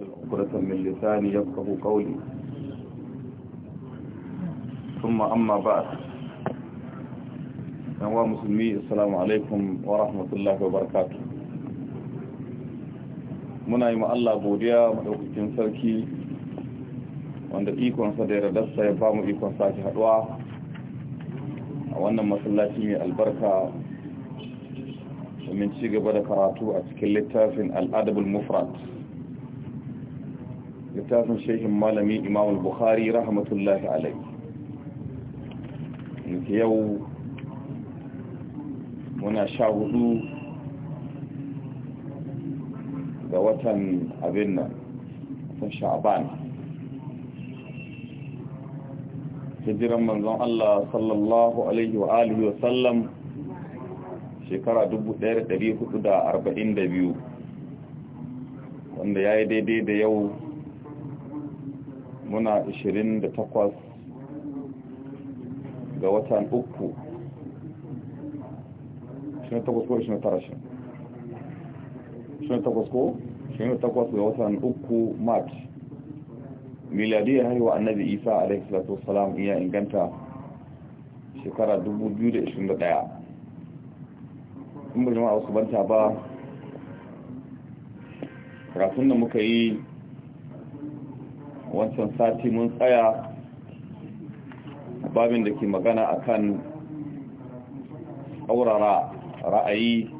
عقدة من لساني يفقه قولي ثم أما بعد نواة مسلمي السلام عليكم ورحمة الله وبركاته muna yi Allah godiya maɗaukakin sarki wanda ikonsa da yardarsa ya ba mu ikon haɗuwa a wannan masallaci mai albarka domin ci gaba da karatu a cikin littafin al'adabul mufrat littafin shehin malami imamul bukhari rahmatullahi alaihi yau muna sha hudu ga watan abin nan sun sha'aban hijiran manzon Allah sallallahu alaihi wa alihi wa sallam shekara 1442 wanda ya yi daidai da yau muna 28 ga watan uku 28 ko 29 28 ko 28 ga watan uku march ya haihuwa annabi isa alaihi salatu wasalam iya inganta shekara 2021 in bujima a wasu banta ba rasun da muka yi wancan sati mun tsaya babin da ke magana akan tsaurara ra'ayi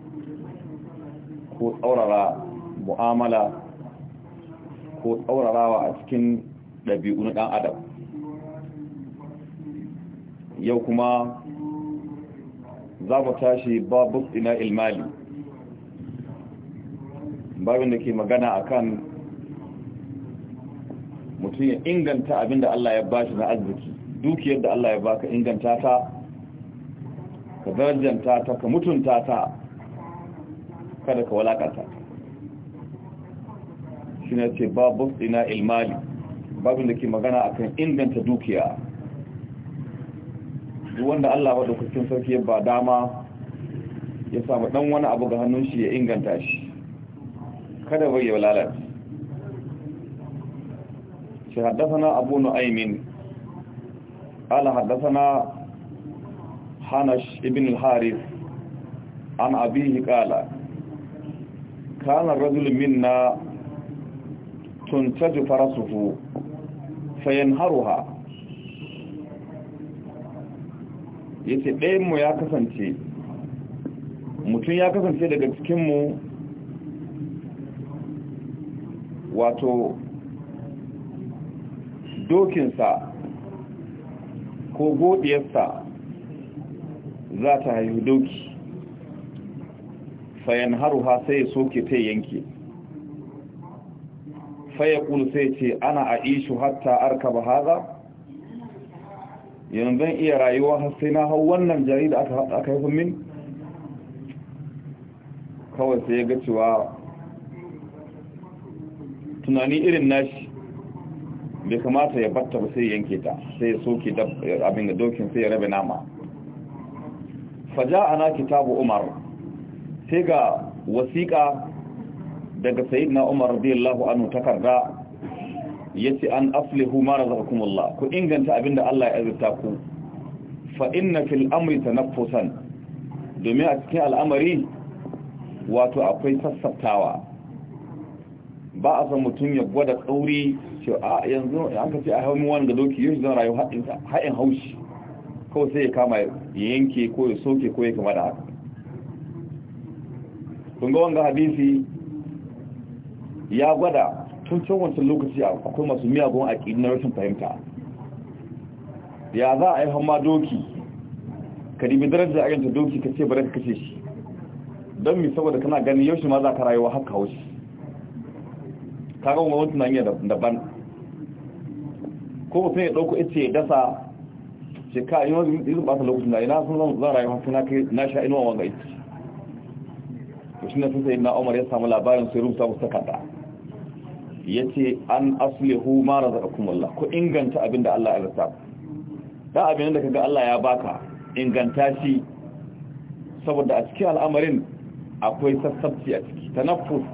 ko tsaurara mu'amala ko tsaurarawa a cikin ɗabi'u na ɗan adam yau kuma za mu tashi babu ina ilmali babin da ke magana akan mutum ya inganta abin da Allah ya bashi na arziki dukiyar da Allah ya baka inganta ta ka darjanta ta ka mutunta ta kada ka walakata shi ne ce babu ina ilmali babin da ke magana akan inganta dukiya duk wanda Allah ba dokokin sarki ya ba dama ya samu dan wani abu ga hannun shi ya inganta shi kada bai ya walalata shi haddasana abu nu'aymin ala haddasana hanash ibn al-haris an abihi qala kana rajul minna tuntaju farasuhu fayanharuha yace ɗayan mu ya kasance mutum ya kasance daga cikinmu wato dokinsa ko godiyarsa za ta haihu doki fayan haruha sai ya soke ta yanke faya ƙul sai ce ana a ishu hatta arka ba haza yanzu iya rayuwa har sai na hau wannan jari aka haifin min kawai sai ya ga cewa tunani irin nashi bai kamata ya batta ba sai yanke ta sai ya soke abin da dokin sai ya rabe nama faja ana kitabu umar sai ga wasiƙa daga na umar radiyallahu anu takarda yace an aflihu ma razaqakumullah ku inganta abinda Allah ya azurta ku na inna ta na tanaffusan domin a cikin al'amari wato akwai sassaftawa ba a san mutum ya gwada tsauri cewa a yanzu an ka ce a hau wani ga doki yau zan rayu haɗin haushi kawai sai ya kama ya yanke ko ya soke ko ya kama da haka kun ga wanga hadisi ya gwada tun can wancan lokaci akwai masu miyagun aƙidi na rashin fahimta ya za a yi hamma doki ka ribi darajar ayyanta doki ka ce bari ka kashe shi don mi saboda kana ganin yau shi ma za ka rayuwa haka haushi kaga wani tunanin daban ko sai ya dauko ice ya dasa ka yi wani izin ba ta lokacin da ina sun zama zara yawan suna kai na sha inuwa wanga ita? to shi na sun sai na umar ya samu labarin sai rubuta musu takarda ya ce an hu mara zaka Allah ko inganta abin da Allah ya rasa da abin da kaga Allah ya baka inganta shi saboda a cikin al'amarin akwai sassabci a ciki tanaffus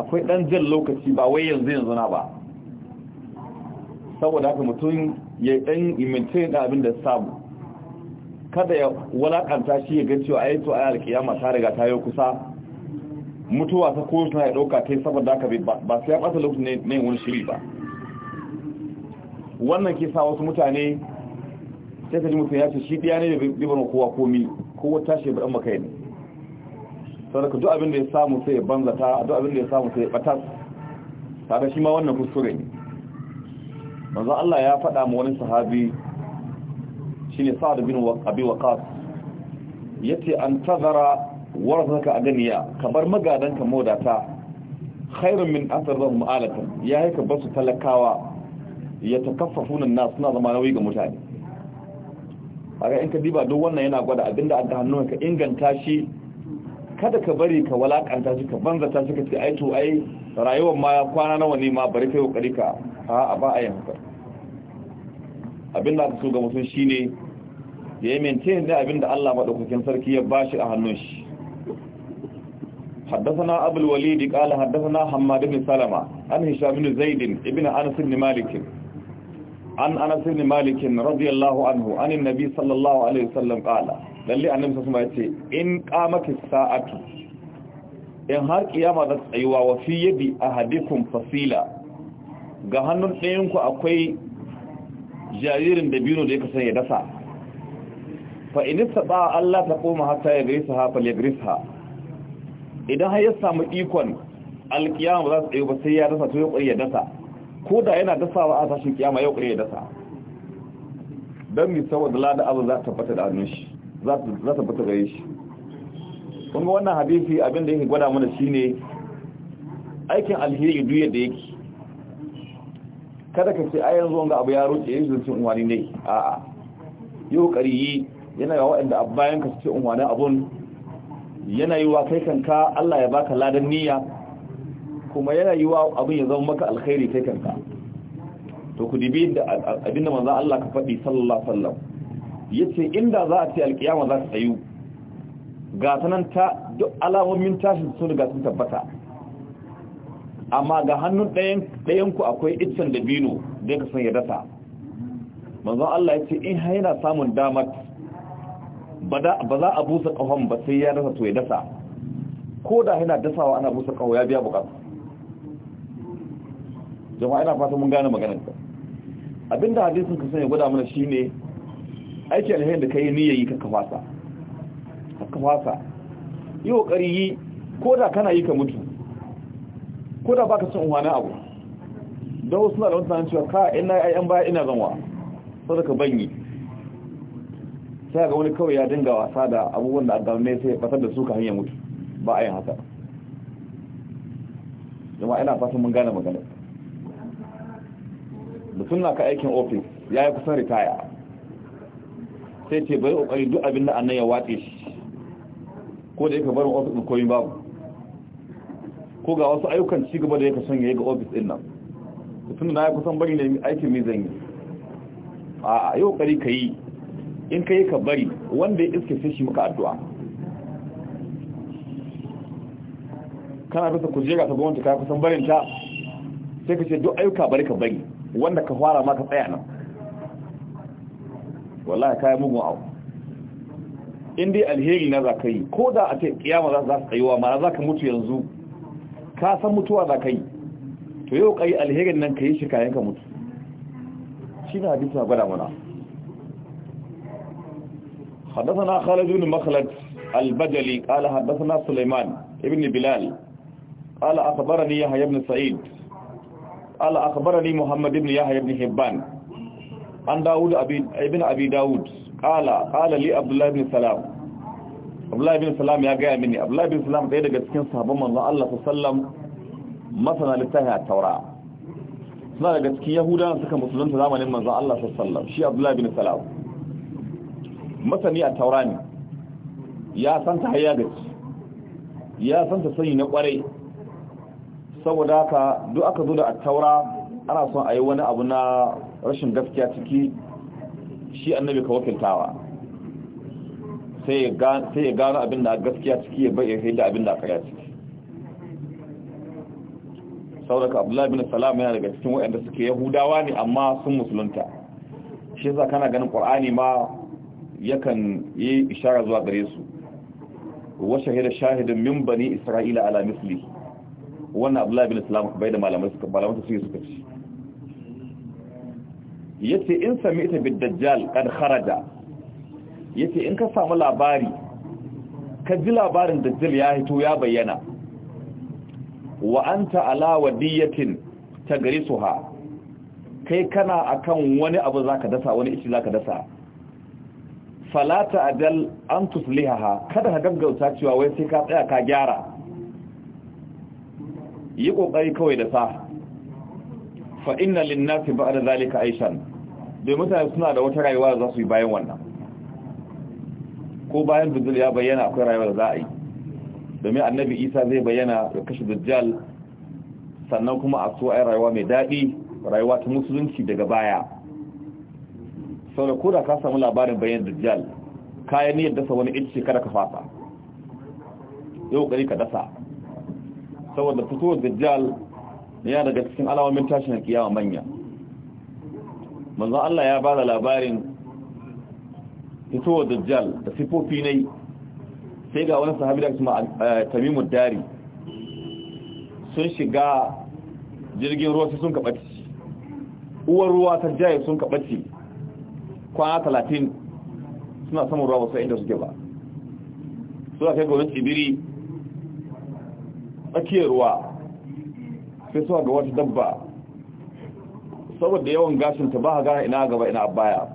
akwai dan jan lokaci ba wai yanzu yanzu na ba saboda haka mutum ya ɗan imince da abin da samu kada ya walakanta shi ya gancewa a yi to a yi alkiyama ta riga ta yi kusa mutuwa ta ko suna ya ɗauka ta yi saboda haka ba su ya ɓata lokacin yin wani shiri ba wannan ke sa wasu mutane sai ka ji mutum ya ce shi ɗiya ne da bibar kowa komi kowa tashi ya baɗan makai ne sadaka duk abin da ya samu sai ya banzata duk abin da ya samu sai ya ɓatas tare shi ma wannan kuskure ne manzo Allah ya faɗa ma wani sahabi shine Sa'd bin Abi Waqqas yace an tazara warasaka kamar kabar magadanka modata khairun min asrarhum alatan ya ka basu talakawa yatakaffafuna an-nas suna zama nauyi ga mutane kaga in ka diba duk wannan yana gwada abinda an ta hannunka inganta shi kada ka bari ka walakanta shi ka ta shi ka ce ai to ai rayuwar ma kwana nawa ne ma bari kai kokari ka a ba a yin haka abin da aka so ga mutum shine ya yi maintain da abin da Allah madaukakin sarki ya bashi a hannun shi حدثنا أبو الوليد قال حدثنا حماد بن سلمة عن هشام بن زيد ابن أنس بن مالك عن أنس بن مالك رضي الله عنه عن النبي صلى الله عليه وسلم قال lalle annabi sallallahu ya ce in qamatis sa'atu in har kiyama da tsayuwa wa fi yadi ahadikum fasila ga hannun ɗayan ku akwai jaririn da dabino da yake san ya dasa fa in Allah ta koma hatta ya gaisa ha fal yagrisha idan har ya samu ikon alkiyama za su tsayu ba sai ya dasa to ya dasa ko da yana dasawa a sashin kiyama ya ƙwari ya dasa dan mi saboda lada abu za ta tabbata da hannun za ta fita gare shi kuma wannan hadisi abin da yake gwada mana shine aikin alheri duk yadda yake kada ka ce ai yanzu wanga abu ya roƙe yin zuci unwani ne a'a yi ƙoƙari yi yana ga waɗanda a bayan ka ce unwani abun yana yi wa kai kanka Allah ya baka ladan niyya kuma yana yi wa abin ya zama maka alkhairi kai kanka to ku dibi da abinda manzo Allah ka faɗi sallallahu alaihi wasallam yace inda za a ce alkiyama za ta tsayu ga sanan ta duk alamomin tashin sun ga sun tabbata amma ga hannun ɗayan ɗayan ku akwai iccen da ka san ya dasa manzon Allah yace in har yana samun damar ba za a busa kahon ba sai ya dasa to ya dasa ko da yana dasawa ana busa kaho ya biya bukatu jama'a ina fata mun gane maganar abinda hadisin ka sanya gwada mana shine aiki alhain da ka niyyar yi ka fasa ka fasa yi kokari yi ko da kana yi ka mutu ko da baka son wani abu don wasu na da nan cewa ka ina yi ayyan baya ina zanwa sau da ka banyi sai ga wani kawai ya dinga wasa da abubuwan da adam ne sai fasar da su ka hanyar mutu ba a yin haka jama'a ina fatan mun gane magana mutum na ka aikin ofis ya yi kusan ritaya sai ce bai kokari duk abin da annan ya watse shi ko da yake barin office din koyin babu ko ga wasu ayyukan ci gaba da yake son yayi ga ofis din nan tun da na kusan bari ne aikin mai zan yi a yau kokari kai in kai ka bari wanda ya iske sai shi muka addu'a kana bisa kujera ta gwamnati ka kusan barin ta sai ka ce duk ayyuka bari ka bari wanda ka fara ma ka tsaya nan wallahi kai mugun abu in dai alheri na za ka yi ko da a ce kiyama za za tsayuwa ma za ka mutu yanzu ka san mutuwa za ka yi to yau kai alherin nan ka yi shi kayan ka mutu shi na hadisi na gwada mana حدثنا خالد بن مخلد البجلي قال حدثنا سليمان ابن بلال قال أخبرني يحيى بن سعيد قال أخبرني محمد بن يحيى بن حبان an dawud ibn abi dawud qala qala li abdullah ibn salam abdullah ibn salam ya gaya mini abdullah ibn salam ɗaya daga cikin sahabban manzon Allah sallallahu masana littafi a taura suna daga cikin yahudawa suka musulunta zamanin manzon Allah sallallahu shi abdullah ibn salam masani a taura ne ya san ta hayya gaci ya san ta sanyi na kwarai saboda haka duk aka zo da a taura ana son a yi wani abu na rashin gaskiya ciki shi annabi ka wakiltawa sai ya gano abin da gaskiya ciki ya bai ya da abin da karya ciki sauraka abdullahi bin salam yana daga cikin waɗanda suke yahudawa ne amma sun musulunta shi yasa kana ganin qur'ani ma yakan yi ishara zuwa gare su wa shahida shahidun min bani isra'ila ala misli wannan abdullahi bin salam bai da malamai suka malamai suke suka ci yace in sami'ta bid-dajjal kad kharaja yace in ka samu labari ka ji labarin dajjal ya hito ya bayyana wa anta ala wadiyatin tagrisuha kai kana akan wani abu zaka dasa wani ishi zaka dasa fala ta'dal an tuslihaha kada ka gaggauta cewa wai sai ka tsaya ka gyara yi kokari kawai da sa fa inna lin-nasi ba'da zalika aishan da mutane suna da wata rayuwa da za su yi bayan wannan ko bayan dujjal ya bayyana akwai rayuwa da za a yi domin annabi isa zai bayyana da kashe dujjal sannan kuma a so a yi rayuwa mai daɗi rayuwa ta musulunci daga baya sau da koda ka samu labarin bayan dujjal kayan niyyar dasa wani ita kada ka fasa yau ka dasa saboda fitowar dujjal yana daga cikin alamomin tashin kiyawa manya manzo Allah ya bada labarin fitowar dajjal da sifofi ne sai ga wani sahabi da kuma eh, tamimud dari sun shiga jirgin ruwa sai sun kabaci uwar ruwa ta jaye sun kabaci kwana talatin suna samun ruwa wasu inda suke ba suna kai gonin tsibiri tsakiyar ruwa sai suwa ga wata dabba saboda yawan gashin ta ba ga ina gaba ina baya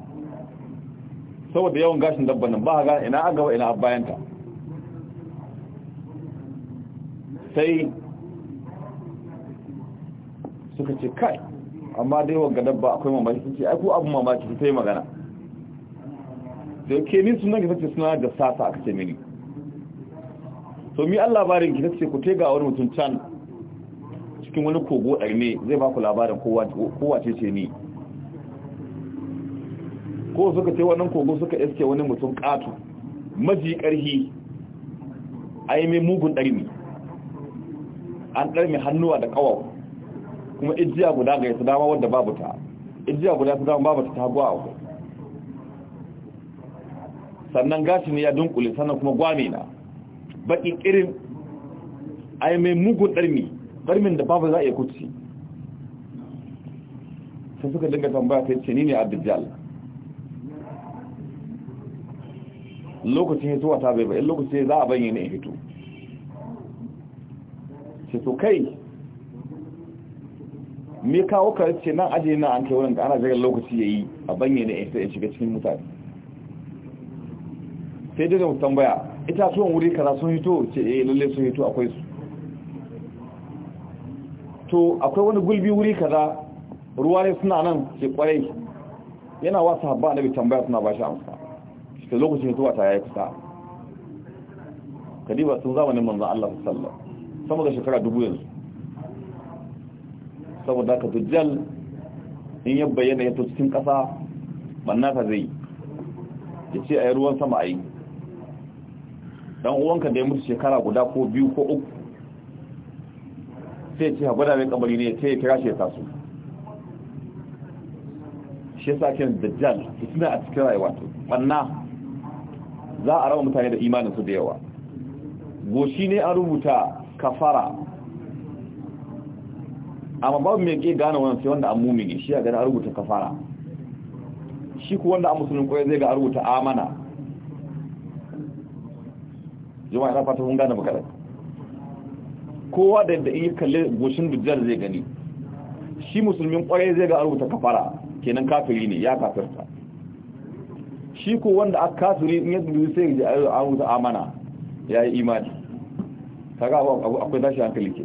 saboda yawan gashin dabban nan ba ga ina gaba ina bayan sai suka ce kai amma dai wanga dabba akwai mamaki sun ce ai ku abun mamaki sai magana da ke ni sunan ki sace suna da sata aka ce mini to mi Allah barin ki sace ku tega wani mutum can cikin wani kogo arme zai ba ku labarin kowace ce ni ko suka ce wannan kogo suka iske wani mutum katu maji karhi a yi mai mugun ɗarmi an ɗarmi hannuwa da ƙawau kuma ijiya guda ga yasa dama wadda babu ta ijiya guda su dama babu ta ta a ku sannan gashi ne ya dunkule sannan kuma gwame na baƙi ƙirin a yi mai mugun ɗarmi barmin da babu za a yi kuci sun suka dinga tambaya ta ce ni ne abdijal lokacin hituwa ta bai bai lokacin za a bayyana in hito ce to kai me kawo ka ce nan ajiye na an kai wurin da ana jirgin lokaci ya yi a bayyana in hito in shiga cikin mutane sai dai tambaya ita tuwon wuri kara sun hito ce eh lalle sun hito akwai su to akwai wani gulbi wuri kaza ruwa ne suna nan ke kwarai yana wasu habba bi tambaya suna ba shi amsa shi lokacin zuwa ta yayi kusa kadiba sun zamanin manzan Allah sallallahu sama da shekara dubu yanzu saboda ka dujjal in ya bayyana ya to cikin kasa manna ka zai ya ce a yi ruwan sama a yi dan uwanka da ya mutu shekara guda ko biyu ko uku sai ce haɓada mai ƙamari ne sai ya kira shi ya taso shi yasa kiran dajjal fitina a cikin rayuwa to ɓanna za a raba mutane da imanin su da yawa goshi ne an rubuta kafara amma babu mai ke gane wani sai wanda an ne shi ya gani an rubuta kafara shi ku wanda an musulun kwaye zai ga an rubuta amana jama'a ina fata kun gane magana kowa da yadda in yi kalli goshin dujjal zai gani shi musulmin kwarai zai ga rubuta kafara kenan kafiri ne ya kafirta shi ko wanda aka kafiri in yadda dubi sai ya rubuta amana ya yi imani ta gaba akwai tashi hankali ke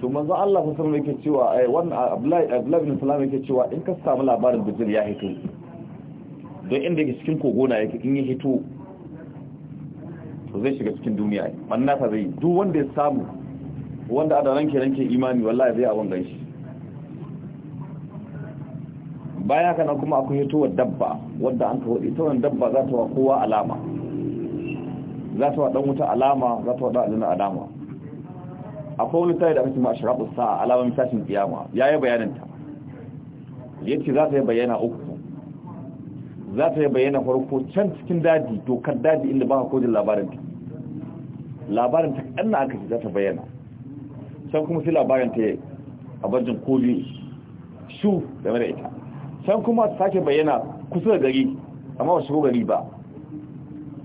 to manzo Allah fa sallallahu yake cewa ai eh, wannan Abdullahi Abdullahi bin Salam yake cewa in ka samu labarin bijir ya hito don inda yake cikin kogona yake in ya hito to zai shiga cikin duniya ne ta zai duk wanda ya samu wanda ada ranke ranke imani wallahi zai abin ganshi baya kana kuma akwai hitowar dabba wadda an ka hudu hitowar dabba za ta wa kowa alama za ta wa dan wuta alama za ta wa dan aljanna alama akwai wani tare da ake ma ashrabu sa'a alamar tashin kiyama yi bayanin ya yace za ta yi bayana uku za ta yi bayana farko can cikin daji dokar daji inda ba ka kojin labarin ta labarin ta kaɗan na aka za ta bayyana san kuma sai labarin ta a bajin koli shu game da ita san kuma ta sake bayyana kusa da gari amma ba shigo gari ba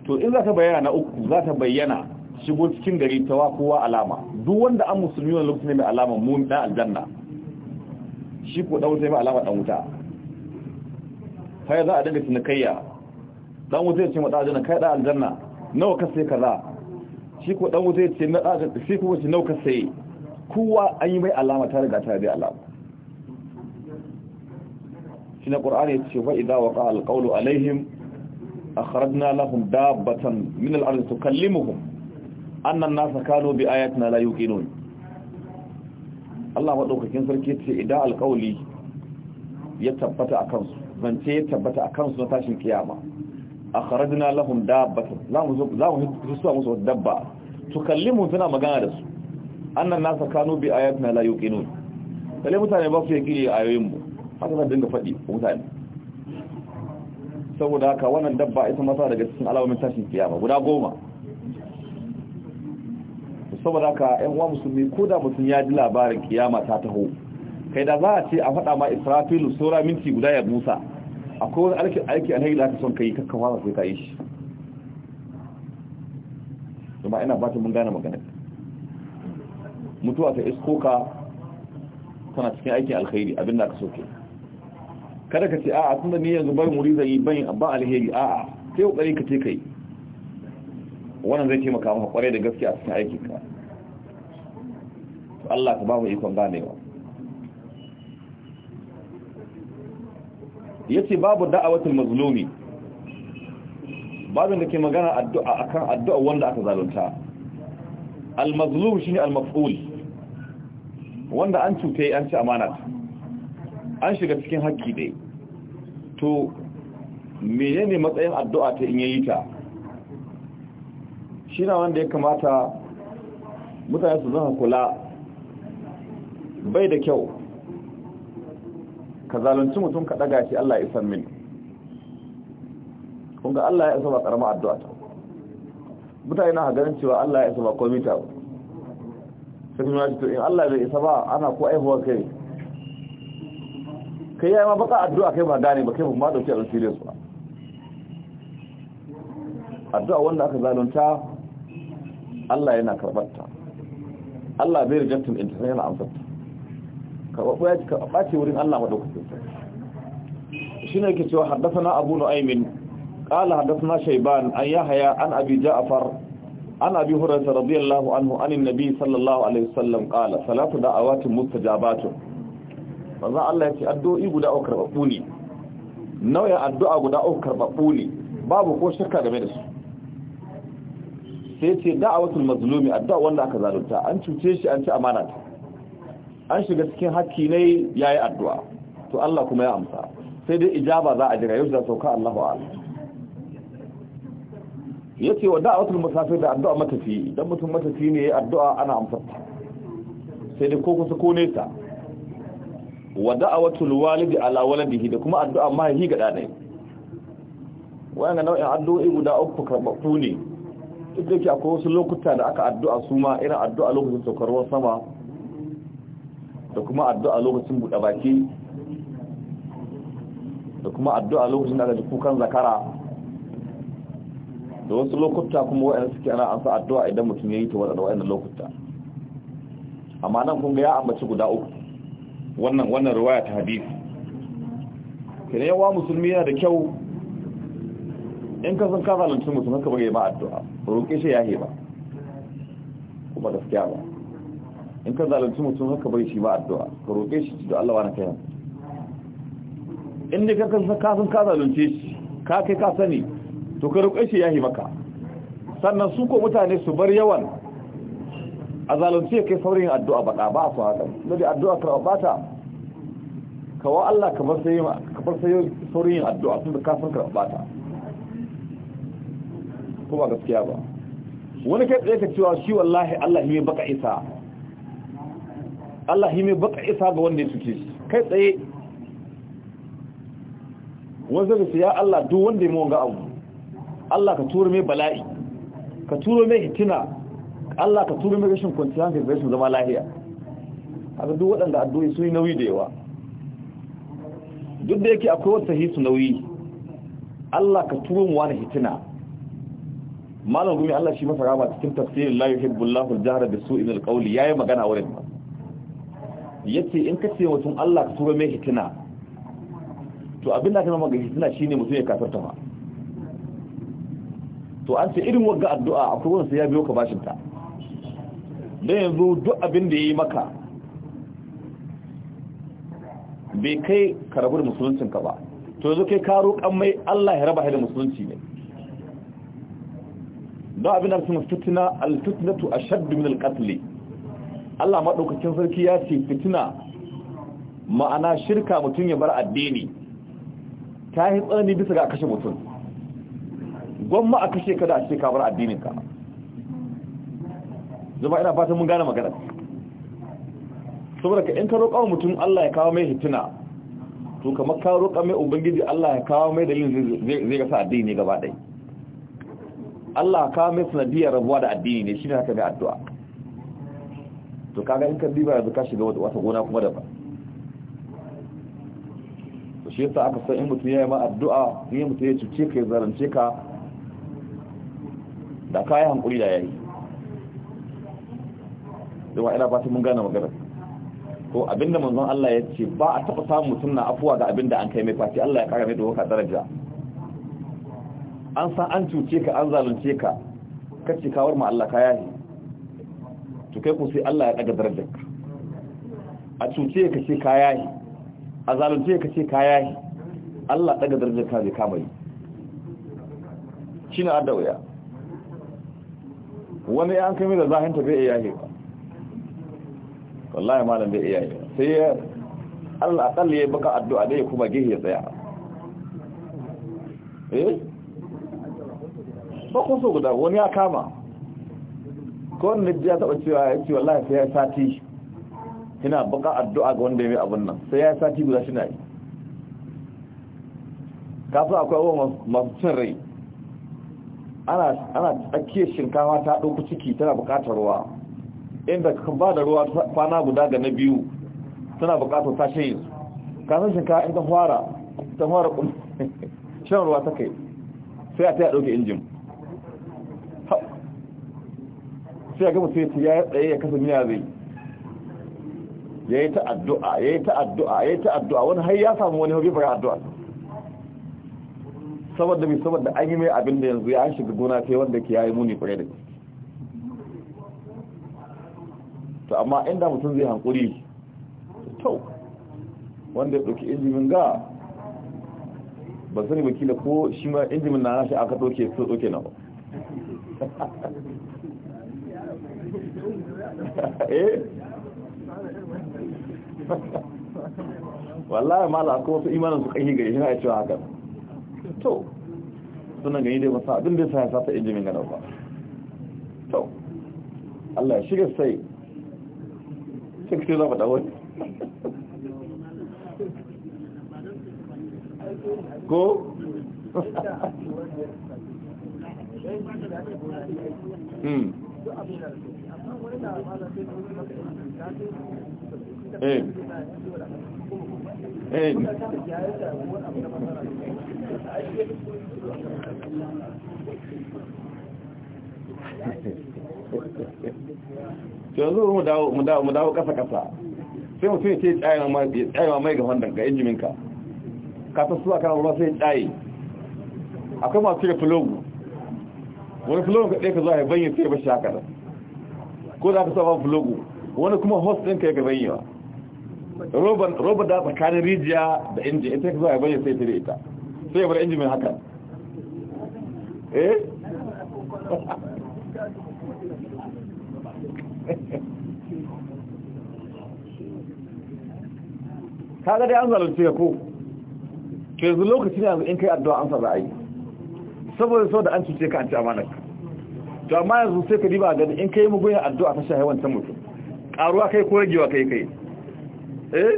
to in za ta bayyana na uku za ta bayyana shigo cikin gari ta wa kowa alama duk wanda an musulmi wani lokacin mai alama mun dan aljanna shi ko dan wuta mai alama dan wuta sai za a dinga tunakayya dan wuta ya ce mata aljanna kai dan aljanna nawa ka sai kaza shi ko dan wuta yace na shi ko wace nauka sai kowa an yi mai alama ta riga ta da alama shi na qur'ani yace wa idza waqa alqawlu alaihim akhrajna lahum dabbatan min al-ardi tukallimuhum anna an-nasa kanu bi ayatina la yuqinun Allah madaukakin sarki yace idan alqawli ya tabbata akan su zance ya tabbata akan su na tashin kiyama akhrajna lahum dabbatan zamu zo zamu musu dabba tukallimu tana magana da su annan nasa kanu bi ayatina la yuqinun dale mutane ba su yaqini ayoyin mu haka zan dinga fadi mutane saboda haka wannan dabba ita ta daga cikin alamomin tashin kiyama guda goma saboda haka ƴan uwa musulmi ko da mutum ya ji labarin kiyama ta taho kai da za a ce a faɗa ma israfilu saura minti guda ya musa akwai wani alki alki alheri da aka son kai kakkawa fara sai ka yi shi kuma ina ba ta mun gane magana mutuwa ta iskoka tana cikin aikin alkhairi abin da aka so ke kada ka ce a'a tunda ne yanzu barin muri zai ban ba alheri a'a sai kare ka ce kai wannan zai taimaka maka kware da gaskiya a cikin aikin ka Allah ka ba mu ikon ganewa yace babu da'awatul mazlumi babin da ke magana addu'a akan addu'a wanda aka zalunta al-mazlum shine al-maf'ul wanda an cuta an ci amana an shiga cikin haƙƙi dai to menene matsayin addu'a ta in yayi ta shine wanda ya kamata mutane su zama kula bai da kyau ka zalunci mutum ka daga shi Allah ya min mini kun ga Allah ya isa ba karama addu'a ta mutane na ganin cewa Allah ya isa ba komai ta sai kuma to in Allah bai isa ba ana ko aihuwa kai kai yayi ma baka addu'a kai ba gane ba kai ba ma dauki a serious ba addu'a wanda aka zalunta Allah yana karbarta Allah bai rijatun intanet tsaye na amsarta karɓaɓɓu ya ji karɓaɓɓa ce wurin Allah maɗaukacin shi ne ke cewa haddasa abu nu'aimin ƙala haddasa na shaiban an haya an abi ja'afar an abi hurarsa radiyallahu anhu anin nabi sallallahu alaihi sallam ƙala salatu da awatin da'awatin mustajabatun manzan Allah ya ce addu'o'i guda uku karɓaɓɓu ne nauyin addu'a guda uku karɓaɓɓu ne babu ko shakka game da su sai ce da'awatul mazlumi addu'a wanda aka zalunta an cuce shi an ci amana ta an shiga cikin hakki ne yi addu'a to Allah kuma ya amsa sai dai ijaba za a jira yau da sauka Allahu a'lam yace wa da'atul musafir da addu'a matafi don mutum matafi ne addu'a ana amsarta sai dai ko kusa ko nesa wa da'awatul walidi ala waladihi da kuma addu'a mahaifi ga ɗanai wayan nau'in addu'o'i guda uku karɓaɓɓu ne duk da ke akwai wasu lokuta da aka addu'a su ma irin addu'a lokacin saukar ruwan sama da kuma addu'a lokacin buɗe baki da kuma addu'a lokacin da ji kukan zakara da wasu lokuta kuma waɗanda suke ana ansa addu'a idan mutum ya yi ta waɗanda waɗanda lokuta amma nan kun ga ya ambaci guda uku wannan wannan ruwaya ta hadisi kene yawa musulmi yana da kyau in ka san ka zalunci mutum haka bage ma addu'a roƙe shi ya heba kuma gaskiya ba in ka zalunci mutum haka bai shi ba addu'a ka roƙe shi da Allah wani kayan in dai ka kafin ka zalunce shi ka kai ka sani to ka roƙe shi yahi maka sannan su ko mutane su bar yawan a zalunci ya kai saurin addu'a baka ba su haka da addu'a ka ba ta kawo Allah ka bar sai ka bar sai saurin addu'a tun da ka san ka ba ta ko ba gaskiya ba wani kai tsaye ka cewa shi wallahi Allah ne baka isa Allah yi mai baka isa ga wanda ya suke shi kai tsaye da su ya Allah duk wanda ya mawanga abu Allah ka tura mai bala'i ka tura mai hitina Allah ka tura mai rashin kwanciya hankali rashin zama lahiya haka duk waɗanda addu'o'i sun yi nauyi da yawa duk da yake akwai wata hisu nauyi Allah ka turo mu wani hitina malam gumi Allah shi masa rama cikin tafsirin la yuhibbu Allahu al-jahra bis-su'i min al-qawli yayi magana wurin yace in ka ce mutum Allah ka tura mai hitina to abin da ka mama ga hitina shine mutum ya kafarta ma to an ce irin wagga addu'a akwai wanda sai ya biyo ka bashin ta dan yanzu duk abin da yayi maka bai kai ka rabu da musuluncin ka ba to yanzu kai ka roƙan mai Allah ya raba da musulunci ne don abin da su fitina al-fitnatu ashaddu min al-qatl Allah maɗaukakin sarki ya ce fitina ma'ana shirka mutum ya bar addini ta yi tsanani bisa ga kashe mutum gwamma a kashe kada a shirka bar addininka zama ina fatan mun gane magana saboda ka in ka roƙa mutum Allah ya kawo mai fitina to kamar ka roƙa mai ubangiji Allah ya kawo mai dalilin zai ga sa addini gaba ɗai Allah ka mai sanadiyar rabuwa da addini ne shi ne haka mai addu'a to kaga in ka diba yanzu ka shiga wata gona kuma da ba? to shi yasa aka san in mutum ya yi ma addu'a in mutum ya cuce ka ya zarance ka da ka yi hankuri da ya yi yawa ina ba mun gane magana ko abinda manzon Allah ya ce ba a taɓa samun mutum na afuwa ga abinda an kai mai fati Allah ya kara mai doka daraja an san an cuce ka an zalunce ka kace kawar ma Allah ka yahi kai kun sai Allah ya daga darajar a cuce ka ce ka ne a zalunce ka ce ka ne Allah daga darajar ka zai kama yi shi na adda wani ya an kai da zahinta bai iya yi ba wallahi malam bai iya yi sai Allah akalli ya baka addu'a dai kuma gehe ya tsaya eh ba kun so guda wani ya kama ko wanda ya taba cewa ya ce wallahi sai ya sati ina baka addu'a ga wanda ya mai abin nan sai ya sati guda shi na yi kafin akwai abubuwa masu cin rai ana tsakiyar shinkawa ta ɗauku ciki tana buƙatar ruwa inda kan ba da ruwa kwana guda ga na biyu tana buƙatar ta shayi kasar shinkawa in ta fara ta fara shan ruwa ta kai sai a ta yi ɗauke injin sai ga mutum ya tsaye ya kasa miya zai ya yi ta addu'a ya yi ta addu'a ya yi ta addu'a wani har ya samu wani hobi fara addu'a saboda mai saboda an yi mai abin da yanzu ya an shiga gona sai wanda ke yayi muni kwarai da to amma inda mutum zai hankuri tau wanda ya ɗauki injimin ga ba sani wakila ko shi ma injimin na nashi aka ɗauke su ɗauke na ba Eh? wallahi mala ko wasu imanin su kai gari suna cewa haka to suna gani dai wasa abin da sai sata injimin ga dauka to Allah ya shiga sai sai ce za ku dawo ko hmm Eh. yanzu mu dawo kasa kasa sai mutum ke tsayawa mai mai ga wanda ga injimin ka ka suwa kan ruwa sai tsaye akwai masu cire fulogu wani fulogu ka ɗaya ka zuwa ya bayyana sai ba shi haka ko za ka saba blogo wani kuma host ɗinka ya gaban yawa robar da tsakanin rijiya da inji ita ka zuwa ya bayyana sai tare ita sai ya bar inji mai haka eh ka ga dai an zalunce ka ko ke zuwa lokacin yanzu in kai addu'a an sa za saboda so da an cuce ka an ci amanar to amma yanzu sai ka diba gani in kai mugun addu'a ta shahi wancan mutum karuwa kai ko ragewa kai kai eh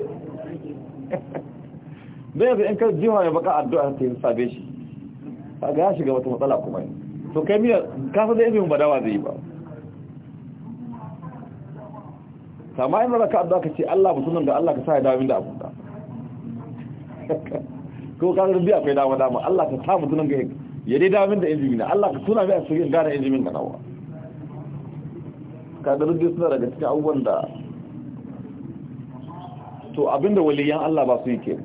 Me yanzu in ka jiwa ya baka addu'a ta yin sabe shi kaga ga shiga wata matsala kuma to kai miya ka fa da ibin badawa zai ba amma in raka addu'a ka ce Allah musulman da Allah ka sa ya dawo min da abunda ko ka rubi akwai dama dama Allah ka sa mutumin ga ya dai damin da ilimi na Allah ka tuna mai a cikin gane injimin ga nawa kada da suna daga cikin abubuwan da to abinda waliyan Allah ba su yi ke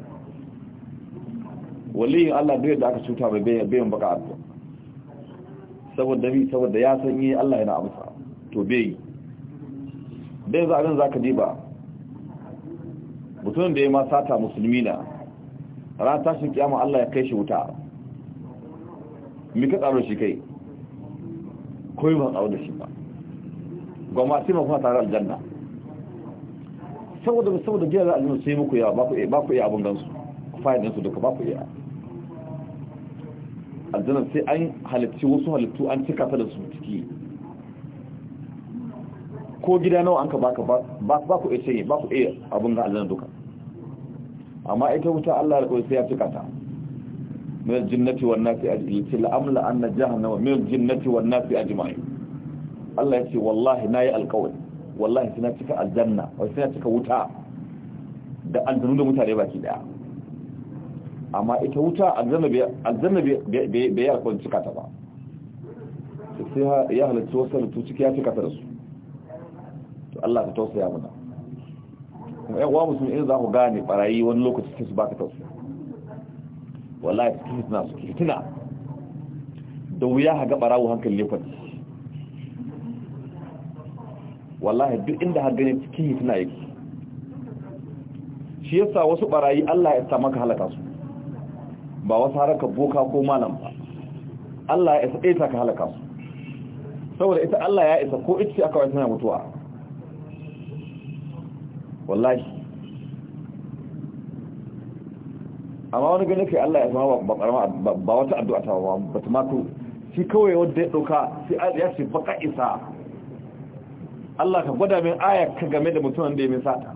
waliyan Allah duk da aka cuta mai bayan baka addu'a saboda bi saboda ya san yi eh Allah yana amsa to bai bai za abin ka ji ba mutumin da ya ma sata musulmi na ran tashin kiyama Allah ya kai shi wuta mika tsaro shi kai koyi ba tsaro da shi ba gwamma sai ma kuma tare aljanna saboda saboda jiya za a sai muku yawa ba ku iya abin gansu fa'idin su duka ba ku iya aljanna sai an halittu wasu halittu an cika ta da su ciki ko gida nawa an ka baka ba ku iya ce ba ku iya abin ga aljanna duka amma ita wuta Allah ya kawai sai ya cika ta من الجنة والناس أجمعين لأملا أن جهنم من الجنة والناس أجمعين الله يقول والله ناي القول والله سنتك الجنة وسنتك da aljanu da mutane baki daya amma ita wuta aljanna bai yi alkawar ta ba sai ya halarci wasu halittu ciki ya cika ta da su to Allah ka tausaya mana kuma yan uwa in za ku gane barayi wani lokaci sai su baka tausaya wallahi cikin su suke fitina da wuya ha gaba rawu hankali ne kwanci wallahi duk inda ha gani cikin fitina yake shi yasa wasu barayi Allah ya samu ka halaka su ba wasu haraka boka ko malam ba Allah ya isa ɗaya ka halaka su saboda ita Allah ya isa ko ita aka wata na mutuwa wallahi amma wani gani kai Allah ya zama ba karama ba wata addu'a ta ba ba ta mako shi kawai wanda ya dauka sai ya ce baka isa Allah ka gwada min aya ka game da mutumin da ya min sata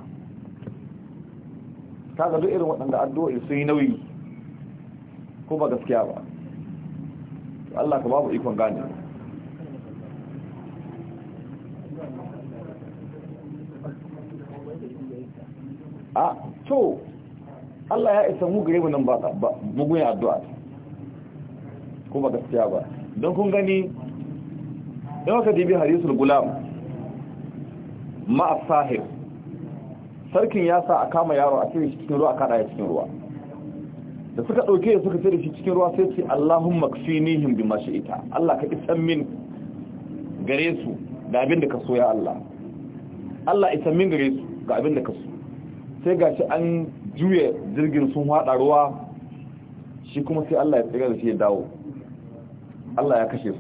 ka ga duk irin waɗanda addu'o'i sun yi nauyi ko ba gaskiya ba Allah ka babu ikon gane a to Allah ya isa mu gare mu nan ba mugun addu'a ko ba gaskiya ba don kun gani yawa ka dibi harisul gulam ma sahib sarkin ya sa a kama yaro a cire cikin ruwa a kada ya cikin ruwa da suka dauke suka cire shi cikin ruwa sai ce Allahumma kfinihim bima shi'ita Allah ka isa min gare su da abin da ka so ya Allah Allah isa min gare su ga abin da ka so sai gashi an juya jirgin sun haɗa ruwa shi kuma sai Allah ya tsira da shi ya dawo Allah ya kashe su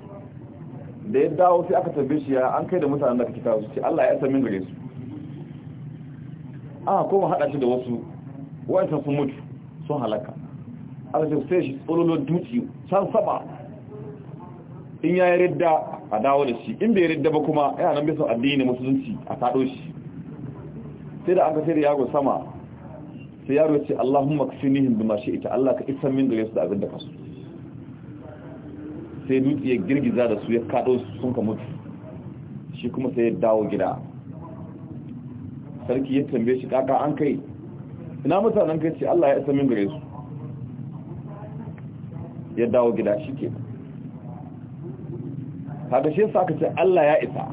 da ya dawo sai aka tabbe shi ya an kai da mutanen da kake su su Allah ya sami gare su aka koma haɗa shi da wasu wa'ancan sun mutu sun halaka aka ce sai shi tsololo duci san saba in ya yi ridda a dawo da shi in bai ridda ba kuma yana nan bisan addini musulunci a taɗo shi sai da aka sai da yago sama sai yaro ce Allahumma kafinihim bima ita Allah ka isar min gare su da abin da kasu sai dutse ya girgiza da su ya kado sun ka mutu shi kuma sai ya dawo gida sarki ya tambaye shi kaka an kai ina mutanen kai ce Allah ya isar min gare su ya dawo gida shi ke kaga shi sa ka ce Allah ya isa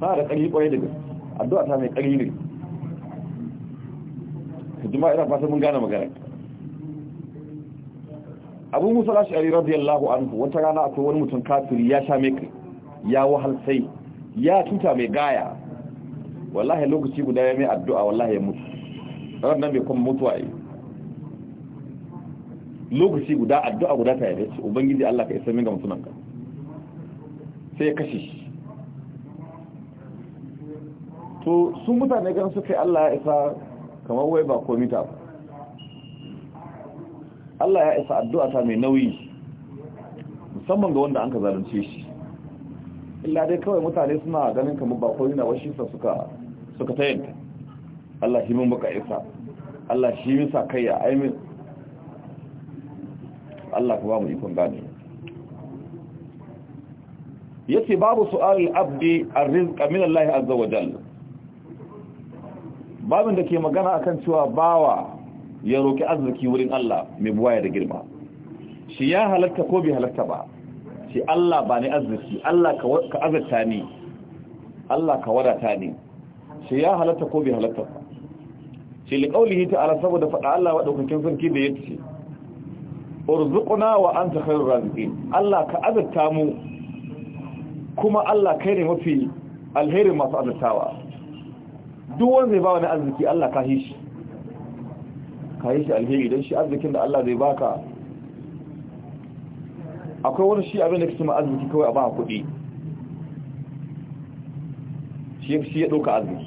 ba da ƙarfi ƙwaye daga addu'a ta mai ƙarfi ne jama'a ina fata mun gane magana abu musa ash'ari radiyallahu anhu wata rana akwai wani mutum kafiri ya sha mai ya wahal sai ya tuta mai gaya wallahi lokaci guda ya mai addu'a wallahi ya mutu ranar bai kuma mutuwa yi lokaci guda addu'a guda ta yabe ce ubangiji Allah ka isa min ga mutunan ka sai ya kashe shi to sun mutane gan suka yi Allah ya isa kamar wai ba komi ta ba Allah ya isa addu'a ta mai nauyi musamman ga wanda an ka zalunce shi illa dai kawai mutane suna ganin kamar ba komi na wasu sa suka suka yanta. Allah shi min baka isa Allah shi min sa kai ya aimin Allah ka ba mu ikon gane yace babu su'al al-abdi ar min Allah azza wa jalla babin da ke magana akan cewa bawa ya roki arziki wurin Allah mai buwaya da girma shi ya halatta ko bai halatta ba shi Allah ba ne arziki Allah ka azarta ni Allah ka wadata ni shi ya halatta ko bai halatta ba shi liƙaulihi ta'ala saboda faɗa Allah wa ɗaukakin sarki da ya ce urzuquna wa anta khairur raziqin Allah ka azarta mu kuma Allah kai ne mafi alherin masu azartawa duk wanda zai ba wani arziki Allah ka yi shi ka yi shi alheri don shi arzikin da Allah zai baka akwai wani shi abin da kake ma arziki kawai a ba kuɗi shi shi ya dauka arziki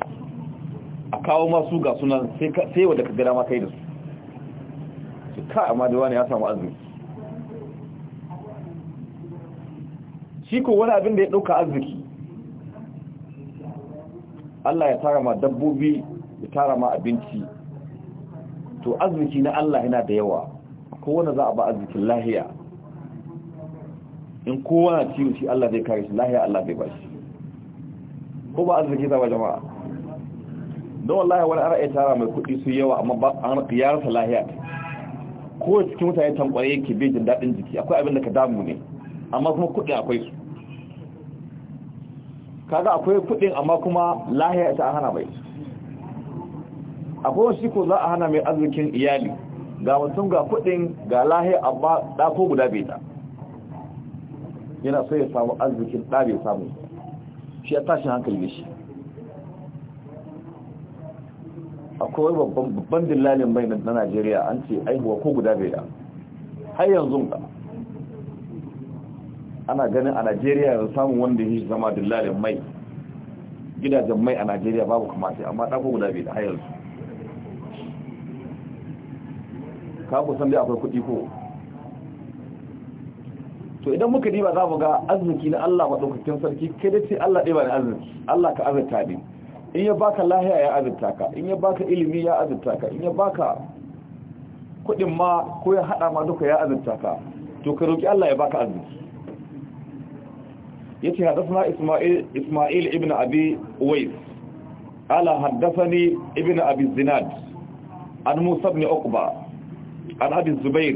a kawo masu ga sunan sai wadda ka gada ma kai da su su ka amma da wani ya samu arziki shi ko wani abin da ya dauka arziki Allah ya tara ma dabbobi ya tara ma abinci to arziki na Allah yana da yawa kowane za a ba arzikin lahiya in kowa na ciwo shi Allah zai kare shi lahiya Allah zai ba shi ko ba arziki za ba jama'a don ya wani ara ya tara mai kudi su yawa amma ba an rasa lahiya ko cikin mutane tambaye yake bai jin daɗin jiki akwai abin da ka damu ne amma kuma kudi akwai su kaga akwai kudin amma kuma lahiya ita hana mai akwai shi ko za a hana mai arzikin iyali ga mutum ga kudin ga lahiya amma dako guda bai da yana sai ya samu arzikin da bai samu shi ya tashi hankali da shi akwai babban babban dillalin bai na Najeriya an ce aihuwa ko guda bai da har yanzu ba ana ganin a najeriya yanzu samun wanda ya zama dillalin mai gidajen mai a najeriya babu kamata amma ɗako guda bai da hayar su ka san dai akwai kuɗi ko to idan muka diba za mu ga arziki na allah maɗaukakin sarki kai da ce allah ɗiba ba da arziki allah ka arzita ne in ya baka lahiya ya azurta ka in ya baka ilimi ya azurta ka in ya baka kudin ma ko ya hada ma duka ya azurta ka to ka roki Allah ya baka arziki yace hadathana isma'il isma'il ibn abi uwais ala hadathani ibn abi zinad an musa ibn uqba an abi zubair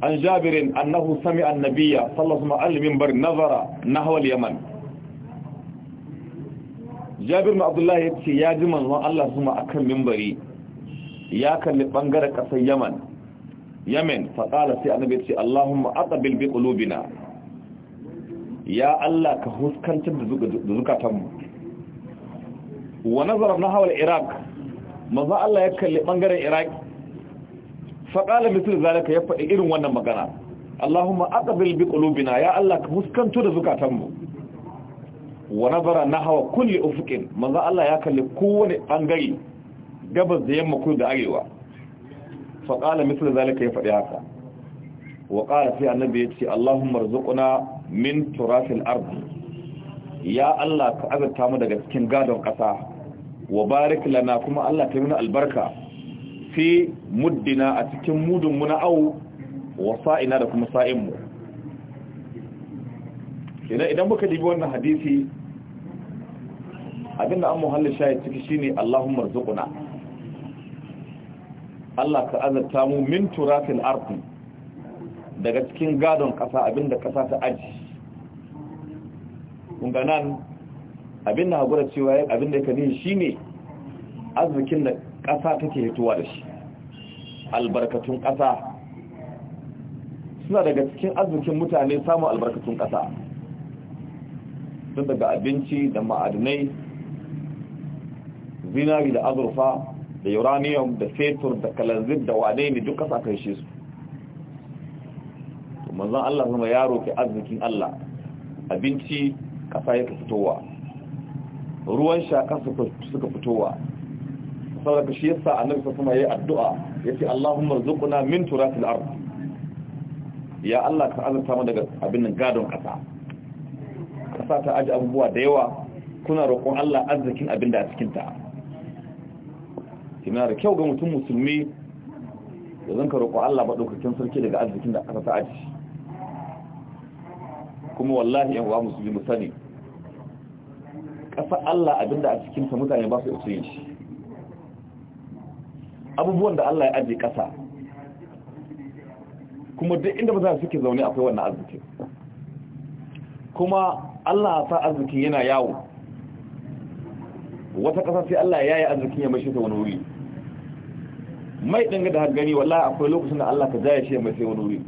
an jabir annahu sami'a an-nabiyya sallallahu alaihi minbar nazara nahwa al-yaman jabir ibn abdullah yace ya ji manzon Allah kuma akan minbari ya kalli bangaren kasar yaman yamen fa qala sai annabi yace allahumma aqbil bi qulubina ya Allah ka huskantar da zukatanmu wa nazara na hawar iraq maza Allah ya kalli ɓangaren iraq faƙala misali zalaka ya faɗi irin wannan magana Allahumma aqbil bi qulubina ya Allah ka huskantar da zukatanmu wa nazara na hawa kulli ufuqin maza Allah ya kalli kowane bangare gabas da yamma ko da arewa fa qala mithla zalika ya faɗi haka wa qala sai annabi yace Allahumma rzuqna min turafil ardi ya Allah ka azurta mu daga cikin gadon ƙasa wa barik lana kuma Allah ta yi albarka fi muddina a cikin mudun na au wa sa'ina da kuma sa'inmu. idan muka dibi wannan hadisi abinda an muhalli shayi ciki shine Allahumma rzuqna Allah ka azurta mu min turafil ardi daga cikin gadon ƙasa abinda ƙasa ta aji kunga nan abin da haƙura cewa abin da ya kadin shi ne arzikin da ƙasa take hituwa da shi albarkatun ƙasa suna daga cikin arzikin mutane samun albarkatun ƙasa sun daga abinci da ma'adinai zinari da azurfa da uranium da fetur da kalanzir da wane ne duk ƙasa kan shi su manzon Allah kuma ya roki arzikin Allah abinci kasa yake fitowa ruwan sha kasa suka fitowa saboda shi yasa annabi kuma yayi addu'a yace Allahumma rzuqna min turatil ard ya Allah ka azurta mu daga abin nan gadon kasa kasa ta aji abubuwa da yawa kuna roƙon Allah arzikin abin da a cikin ta kina da kyau ga mutum musulmi da ka roƙon Allah madaukakin sarki daga arzikin da kasa ta aji kuma wallahi yan wa musulmi mu sani kafa Allah abinda a cikin ta mutane ba su iya yin shi abubuwan da Allah ya aje kasa kuma duk inda mutane suke zaune akwai wannan arziki kuma Allah ta arzikin yana yawo wata kasa sai Allah ya yi arzikin ya mashi ta wani wuri mai ga da har gani wallahi akwai lokacin da Allah ka jaya shi mai sai wani wuri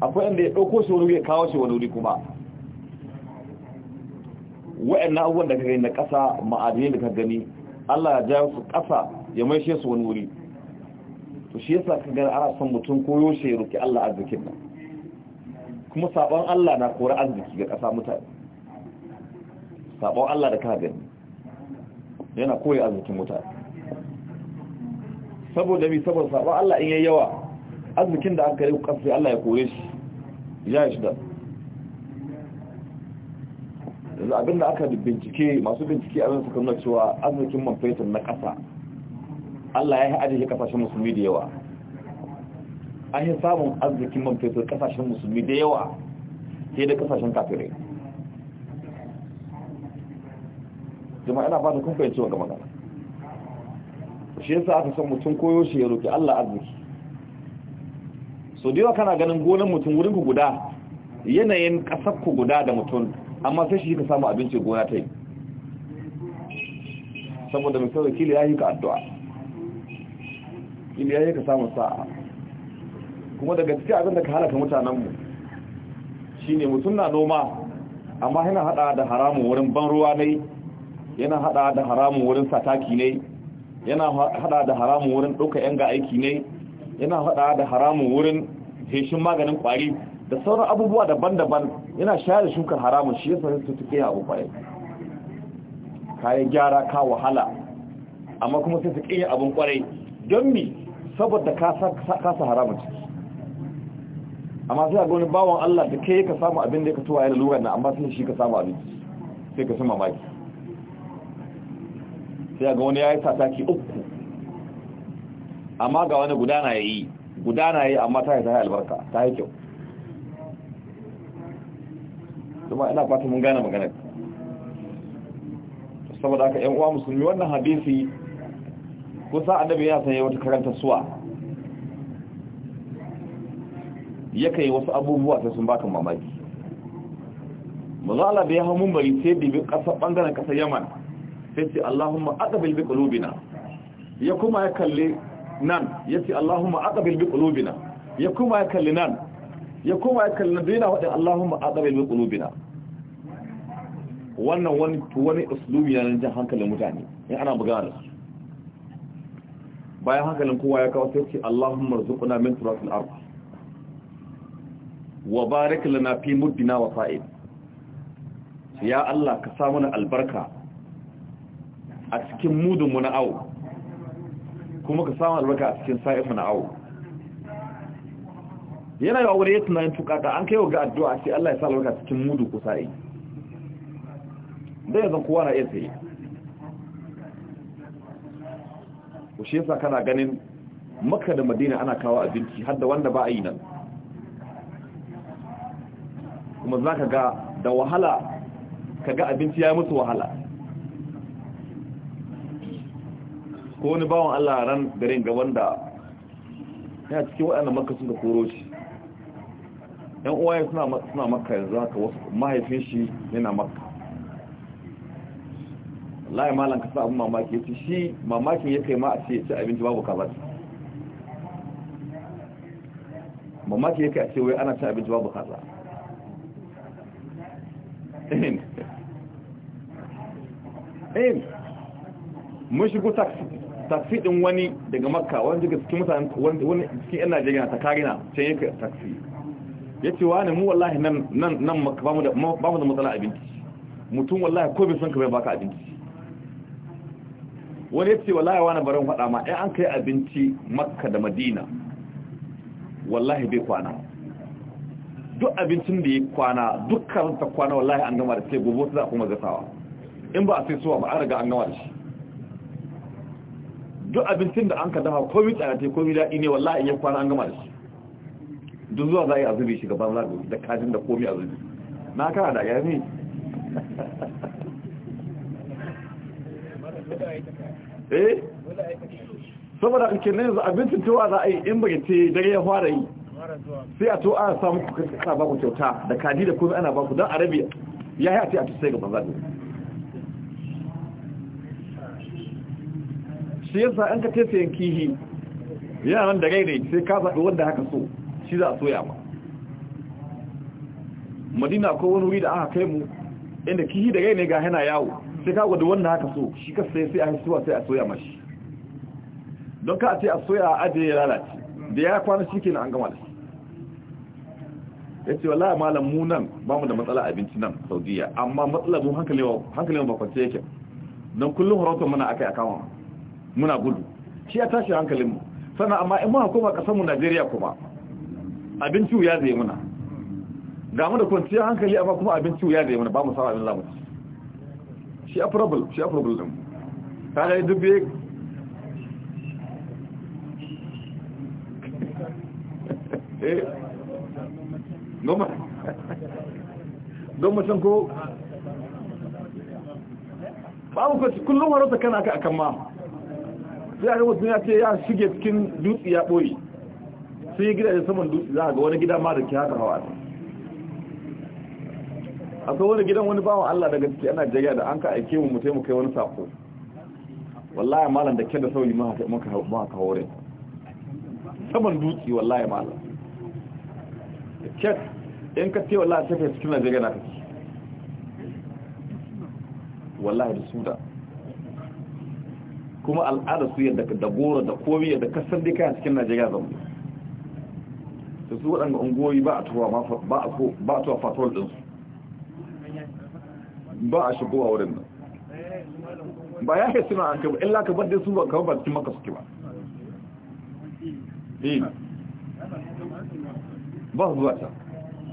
akwai inda ya ɗauko shi wani ya kawo shi wani wuri kuma wa'annan abubuwan da ka gani na ƙasa ma'adinai da ka gani Allah ya jawo su ƙasa ya shi su wani wuri to shi yasa ka gani ana son mutum koyo shi ya roki Allah arzikin nan kuma sabon Allah na kori arziki ga ƙasa mutane sabon Allah da ka gani yana koyi arzikin mutane saboda bi saboda sabon Allah in yayi yawa arzikin da aka yi ƙasa Allah ya kore shi ya shi da yanzu abinda aka bincike masu bincike abin suka nuna cewa arzikin man fetur na ƙasa Allah ya yi ajiye kasashen musulmi da yawa an yi samun arzikin man fetur kasashen musulmi da yawa sai da kasashen kafirai jama'a ina fata kun fahimci wa magana shi yasa aka san mutum koyo shi ya roki Allah arziki so da yawa kana ganin gonan mutum wurin ku guda yanayin kasar ku guda da mutum amma sai shi ka samu abinci gona ta yi saboda mai sauran kili ya yi ka addu'a kili ya yi ka samun sa'a kuma daga cikin abin da ka halaka mutanenmu shi ne mutum na noma amma yana hada da haramun wurin ban ruwa ne yana hada da haramun wurin sataki ne yana hada da haramun wurin ɗauka yan ga aiki ne yana faɗa da haramun wurin feshin maganin ƙwari da sauran abubuwa daban-daban yana shayar shukar haramun shi yasa su tuke abu Ka kayan gyara ka wahala amma kuma sai su kiyaye abin ƙwarai don mi saboda ka sa haramun ciki amma sai a gani bawan Allah da kai ka samu abin da ya kasuwa yana lura na amma sai shi ka samu abin sai ka sama maki sai ga wani ya yi sataki uku amma ga wani gudana ya yi gudana ya yi amma ta yi ta yi albarka ta yi kyau kuma ina fata mun gane magana saboda aka yan uwa musulmi wannan hadisi kusa annabi ya sanya wata karanta suwa yaka yi wasu abubuwa sai sun baka mamaki maza Allah da ya hau mun bari sai bibi kasar bangaren kasar yaman sai ce Allahumma aqbil bi kulubina ya kuma ya kalle nan ya ce Allahumma aqbil bi qulubina ya kuma ya kalli nan ya kuma ya kalli dina wadin Allahumma aqbil bi qulubina wannan wani wani uslubi na jan hankalin mutane in ana magana da bayan hankalin kowa ya kawo sai ce Allahumma rzuqna min turatil ardh wa barik lana fi muddina wa fa'id ya Allah ka sa mana albarka a cikin mudunmu na awo kuma ka samu albarka a cikin sa'ifin na awo yana yawa wani ya tunanin tukata an kaiwa ga addu'a ce Allah ya sa albarka cikin mudu ko sa'i dai yanzu kowa na iya tsaye ku shi yasa kana ganin maka da madina ana kawo abinci har da wanda ba a yi nan kuma za ka ga da wahala ka ga abinci ya yi musu wahala ko wani bawan Allah ran garin gaban da ya cikin waɗanda maka suka koro shi yan uwaye suna maka yanzu haka wasu mahaifin shi yana maka laye malan kasa abin mamaki ya shi mamakin ya kai ma a ce ci abinci babu kaza mamakin ya kai a ce wai ana ce abinci babu kaza in mun shigo taxi taksi din wani daga makka wani daga cikin mutane wani cikin yan najeriya ta karina can yake taksi ya ce wani mu wallahi nan nan ba mu da matsala abinci mutum wallahi ko bai son ka bai baka abinci wani ya ce wallahi wani barin faɗa ma ɗaya an kai abinci makka da madina wallahi bai kwana duk abincin da ya kwana dukkan ta kwana wallahi an gama da ce gobe za a kuma gasawa in ba a sai suwa ba an riga an gama da shi duk abincin da an ka dafa komi tsayate komi daɗi ne wallahi in yi kwana an gama da shi duk zuwa za a yi a shiga shi gaban za da kajin da komi a zube na kara da yami eh saboda ake ne yanzu abincin cewa za a yi in bai ce dare ya fara yi sai a to a samu kuka ba ku kyauta da kaji da komi ana ba ku don arabiya ya yi a ce a tusai gaban za shi yasa an ka tafi yankihi yaran da rairai sai ka zaɓi wanda haka so shi za a soya ba madina ko wani wuri da aka kai mu inda kihi da rairai ga hana yawo sai ka gwada wanda haka so shi ka sai sai a hasuwa sai a soya mashi don ka a ce a soya a ajiye ya lalace da ya kwana shi ke na an gama da shi ya ce wala malam mu nan ba mu da matsala abinci nan saudiya amma matsalar mu hankalin ba kwance yake don kullum harautar mana akai a kama muna gudu shi ya tashi hankalinmu sannan amma in muka koma ƙasarmu najeriya kuma abinci ya zai muna ga mu da kwanciyar hankali amma kuma abinci ya zai muna ba mu samu abin zamu ci shi a furabul shi a furabul din ta ga dubbe biye eh goma goma san ko babu kullum harota kana aka akan ma sai aka mutum ya ce ya shige cikin dutse ya ɓoye sai ya gida da saman dutse za a ga wani gida ma da ke haka hawa a akwai wani gidan wani bawa Allah daga ciki ana jayya da an ka aike mu mutai mu kai wani sako wallahi malam da kyanda sauri maka maka hore saman dutse wallahi malam da kyat in ka ce wallahi ta fi cikin Najeriya na kake wallahi da da kuma al'ada su yadda da goro da komi yadda kasar dika a cikin najeriya mu da su waɗanda ungoyi ba a tuwa fatawar ɗinsu ba a shigowa wurin nan ba ya ke suna an kaba illa ka bada su ba kawai ba cikin maka suke ba ba su zuwa ta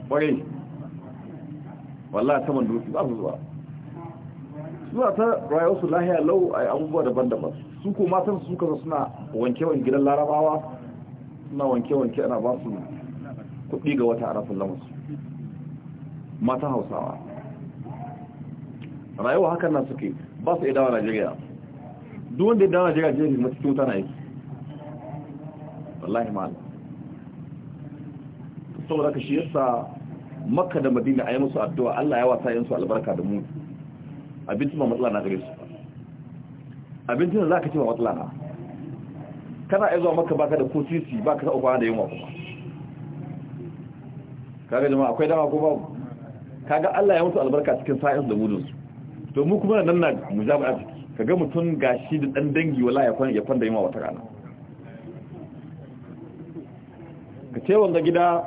ƙwarai wallah saman dutse ba su zuwa zuwa ta rayuwarsu lahiya lau a abubuwa daban-daban su ko matan su kaza suna wanke-wanke gidan larabawa suna wanke-wanke ana ba su kuɗi ga wata arafin lamarsu mata hausawa rayuwa hakan na suke ba su idawa najeriya duk wanda ya dawa najeriya jiya ne matakin na yake wallahi ma'ala saboda ka shi yasa makka da madina a yi musu addu'a allah ya wasa yin su albarka da mu su ma matsala na gare su abincin da za ka ce ma matsala kana iya zuwa maka baka da ko sisi baka taɓa kwana da yunwa kuma kaga jama'a akwai dama ko babu kaga Allah ya mutu albarka cikin sa'ins da gudun to mu kuma nan na a ciki kaga mutum gashi da dan dangi wala ya kwan ya kwanda yunwa wata rana ka ce wanda gida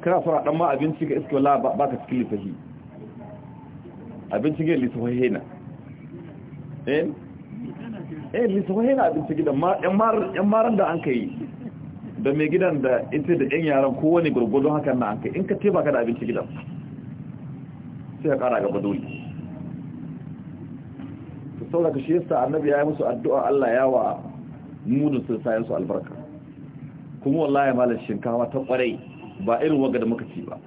kana fara dan ma abinci ka iske wala baka cikin lifahi abincin ga lifahi na eh eh littafin yana abinci gidan yan maran da an ka yi da mai gidan da ita da yan yaran kowane gurgudun hakan na an ka in ka ce baka da abinci gidan sai ka kara gaba dole ta ka shi yasta annabi ya yi musu addu'a Allah ya wa munin sun sayan su albarka kuma wallahi malar shinkawa ta kwarai ba irin waga da muka ci ba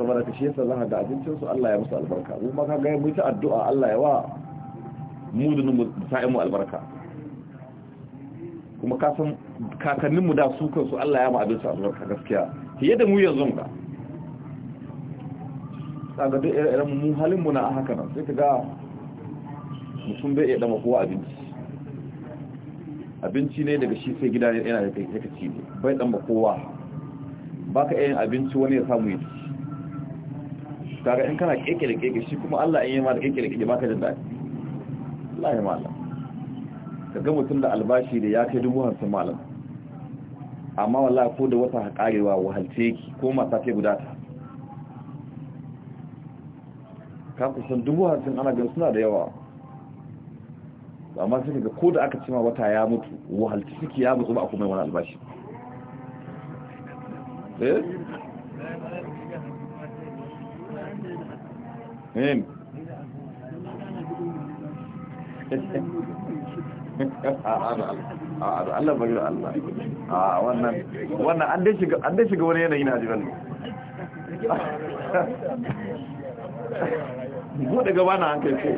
saboda ka shi yasa zan ka ga su Allah ya musu albarka mu ma ka ga mu ta addu'a Allah ya wa mu da mu sa'imu albarka kuma ka san kakannin mu da su kansu Allah ya ma abinsu albarka gaskiya fiye da mu yanzu ga kaga duk irin mu halin mu na haka nan sai ka ga mutum bai da dama kowa abinci abinci ne daga shi sai gida ne yana da kai ci ne bai dan kowa baka yin abinci wani ya samu yi kaga in kana kekere keke shi kuma Allah in yi ma da kekere keke baka jin daɗi Allah ya malam kaga mutum da albashi da ya kai dubu hamsin malam amma wallahi ko da wata hakarewa wahalce ki ko mata ta gudata ka kusan dubu hamsin ana gan suna da yawa amma sai kaga ko da aka cima wata ya mutu wahalce ki ya mutu ba a kuma wani albashi eh yin a Allah bari da Allah A'a wannan wannan an dai shiga an dai shiga wani yanayi na jiran mu daga bana hankali ce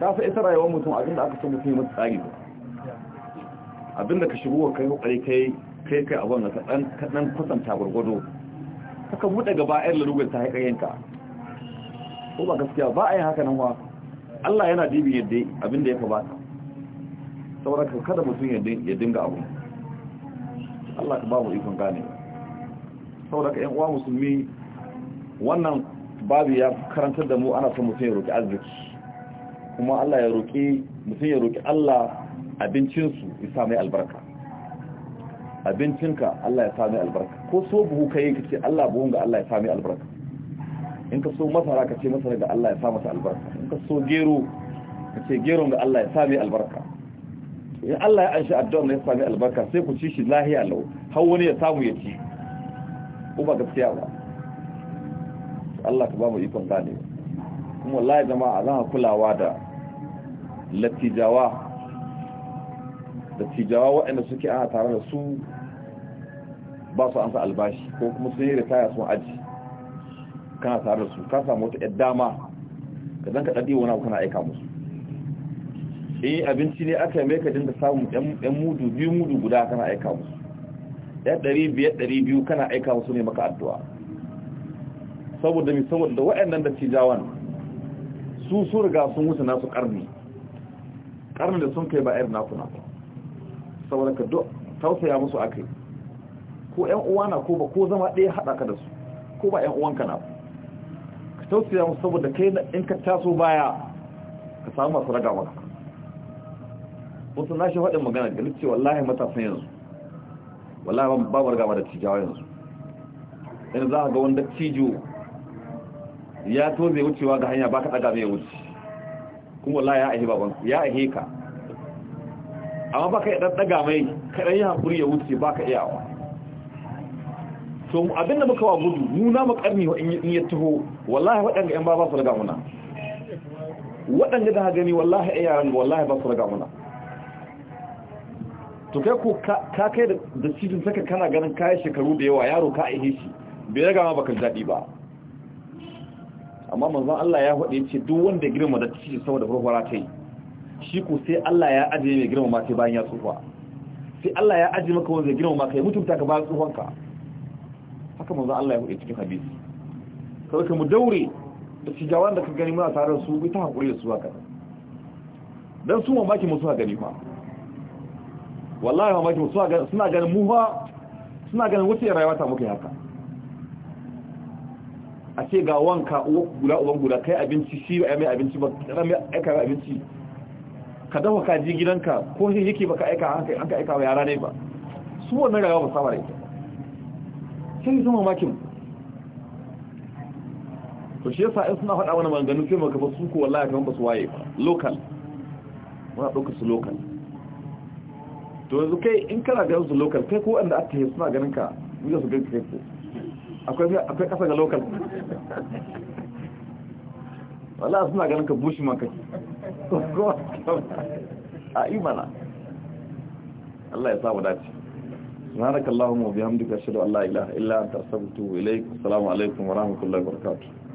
ka sai isa rayuwar mutum abinda aka so mutum yi mata tsari abinda ka shigo kai kokari kai kai kai abin da ka dan kusanta gurgudu haka buɗe gaba ayar lalugar ta haƙayyanka ko ba gaskiya ba a yi haka nan wa Allah yana dibi yadda abin da ya kamata saboda ka kada mutum ya dinga abu Allah ka ba mu ikon gane saboda ka ‘yan’uwa musulmi wannan babu ya karantar da mu ana son mutum ya roƙi arziki kuma Allah ya roƙi mutum ya roƙi Allah abincinsu ya sa mai albarka abincinka Allah ya sami albarka ko so buhu ka yi ka Allah buhun ga Allah ya sami albarka in ka so masara ka ce masara ga Allah ya sa masa albarka in ka so gero ka ce gero ga Allah ya sami albarka in Allah ya anshi addu'a ne ya sami albarka sai ku ci shi lahiya lau har wani ya samu ya ci ko ba gaskiya ba Allah ka ba mu ikon gane kuma wallahi jama'a zan kulawa da latijawa da waɗanda suke ana tare da su ba su an sa albashi ko kuma sun yi ritaya sun aji kana tare da su ka samu wata ‘yar dama ka zan ka ɗaɗi wani abu kana aika musu in abinci ne aka yi mai ka dinga samun ‘yan mudu biyu mudu guda kana aika musu ‘yan ɗari biyar ɗari biyu kana aika musu ne maka addu'a saboda mi saboda waɗannan da su su riga sun wuce nasu ƙarni ƙarni da sun kai ba ‘yar nakuna ba saboda ka tausaya musu kai ko yan uwa na ko ba ko zama ɗaya haɗa ka da su ko ba yan uwanka na ka tausaya musu saboda kai in ka taso baya ka samu masu raga maka wasu na shi faɗin magana da ce wallahi matasan yanzu wallahi mu gama da cijawa yanzu in za ga wanda cijo ya tozai wucewa ga hanya ba ka ɗaga mai wuce kuma wallahi ya ahe baban ya ahe ka amma baka ya ɗaga mai kadan yi hankuri ya wuce ba baka iyawa to abinda muka wa gudu nuna mu karni wa in ya taho wallahi waɗanda ƴan ba ba su daga muna waɗanda da gani wallahi a yaran wallahi ba su daga muna to kai ko ka kai da cikin saka kana ganin kai shekaru da yawa yaro ka ihe shi bai daga ma baka daɗi ba amma manzon Allah ya faɗi ce duk wanda girma da cikin saboda farfara ta yi shi ko sai Allah ya ajiye mai girma ma sai bayan ya tsufa sai Allah ya ajiye maka wanda girma ma kai mutunta ka bayan tsufanka haka manzo Allah ya hudu cikin hadisi kawai ka mu daure da tijawan da ka gani muna tare da su ita hakuri da su haka dan su baki mu suka gani fa wallahi baki mu gani suna ganin mu fa suna ganin wuce rayuwa ta muke haka a ce ga wanka uwa guda uban guda kai abinci shi ba mai abinci ba karamin aikar abinci ka dafa kaji gidanka ko shi yake baka aika an ka aika wa yara ne ba su wannan rayuwa ba saba da ita sai yi zama makin to shi yasa in suna faɗa wani maganganu sai maka ba su ko wallahi kan ba su waye ba local muna ɗaukar su local to yanzu kai in kana ganin su local kai ko wanda aka yi suna ganin ka wuce su ganin kai ko akwai kasa ga local wallahi suna ganin ka bushi maka a imana Allah ya samu dace subhanakallahumma wa bihamdika ashhadu an la ilaha illa anta astaghfiruka wa atubu ilaik assalamu alaikum wa rahmatullahi wa barakatuh